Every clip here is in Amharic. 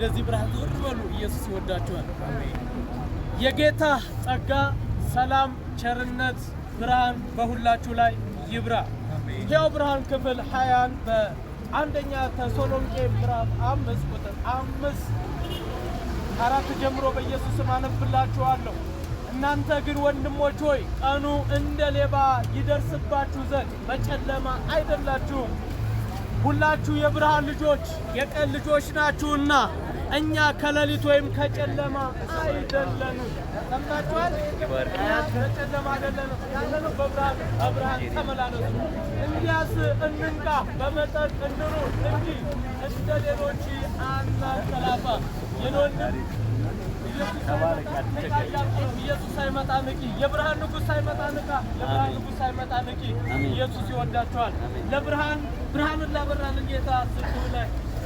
ወደዚህ ብርሃን ዞር በሉ። ኢየሱስ ይወዳችኋል። የጌታ ጸጋ፣ ሰላም፣ ቸርነት፣ ብርሃን በሁላችሁ ላይ ይብራ። ሕያው ብርሃን ክፍል ሀያን በአንደኛ ተሰሎንቄ ምዕራፍ አምስት ቁጥር አምስት አራት ጀምሮ በኢየሱስም አነብላችኋለሁ። እናንተ ግን ወንድሞች ሆይ ቀኑ እንደ ሌባ ይደርስባችሁ ዘንድ በጨለማ አይደላችሁም። ሁላችሁ የብርሃን ልጆች የቀን ልጆች ናችሁና እኛ ከሌሊት ወይም ከጨለማ አይደለንም። ሰምታችኋል? ከጨለማ አይደለንም ያለነው በብርሃን በብርሃን ተመላለሱ። እንዲያስ እንንቃ፣ በመጠን እንሩ እንጂ እንደ ሌሎች አናንቀላፋ። የኖንም ኢየሱስ ሳይመጣ ንቂ። የብርሃን ንጉሥ ሳይመጣ ንቃ። የብርሃን ንጉሥ ሳይመጣ ንቂ። ኢየሱስ ይወዳችኋል። ለብርሃን ብርሃንን ላበራልን ጌታ ስብህ ላይ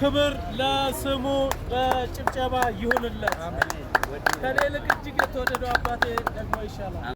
ክብር ለስሙ በጭብጨባ ይሁንለት። ከሌልቅ እጅግ የተወደደው አባቴ ደግሞ ይሻላል።